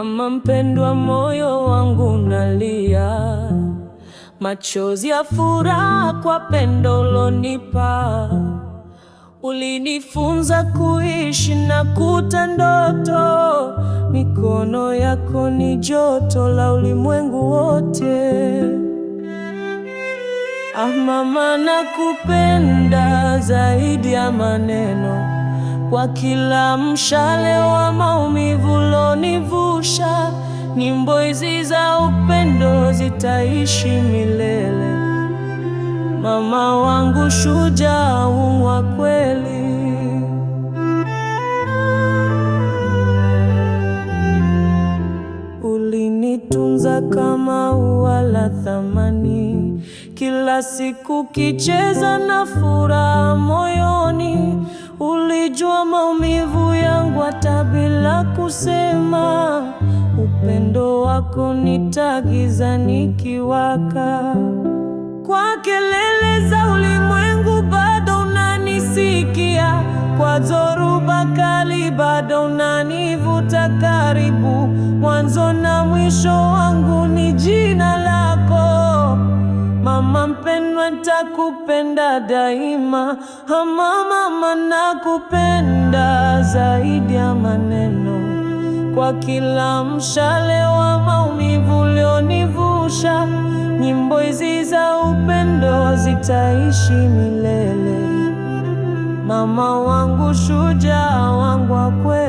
Mama mpendwa, moyo wangu nalia, machozi ya furaha kwa pendo lonipa. Ulinifunza kuishi na kuta ndoto, mikono yako ni joto la ulimwengu wote. Ah mama, nakupenda zaidi ya maneno kwa kila mshale wa maumivu lonivusha, nyimbo hizi za upendo zitaishi milele. Mama wangu shujaa wa kweli. Ulinitunza kama ua la thamani kila siku kicheza na furaha moyoni, ulijua maumivu yangu hata bila kusema. Upendo wako ni taa gizani ikiwaka, kwa kelele za ulimwengu bado unanisikia, kwa dhoruba kali bado unanivuta karibu, mwanzo na mwisho mama mpendwa, nitakupenda daima. Ama mama, nakupenda zaidi ya maneno, kwa kila mshale wa maumivu ulionivusha. Nyimbo hizi za upendo zitaishi milele, mama wangu, shujaa wangu wa kweli.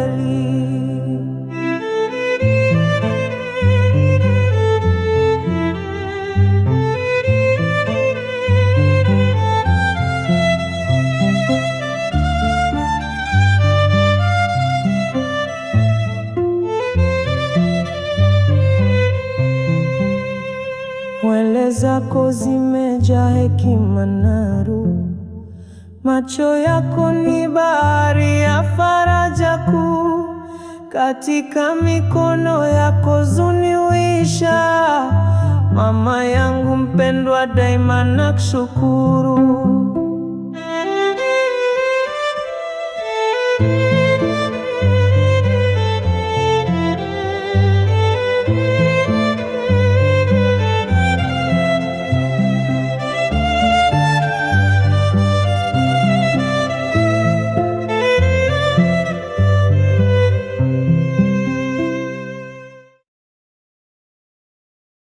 zako zimejaa hekima naru, macho yako ni bahari ya faraja kuu, katika mikono yako zuniwisha. Mama yangu mpendwa, daima nakushukuru.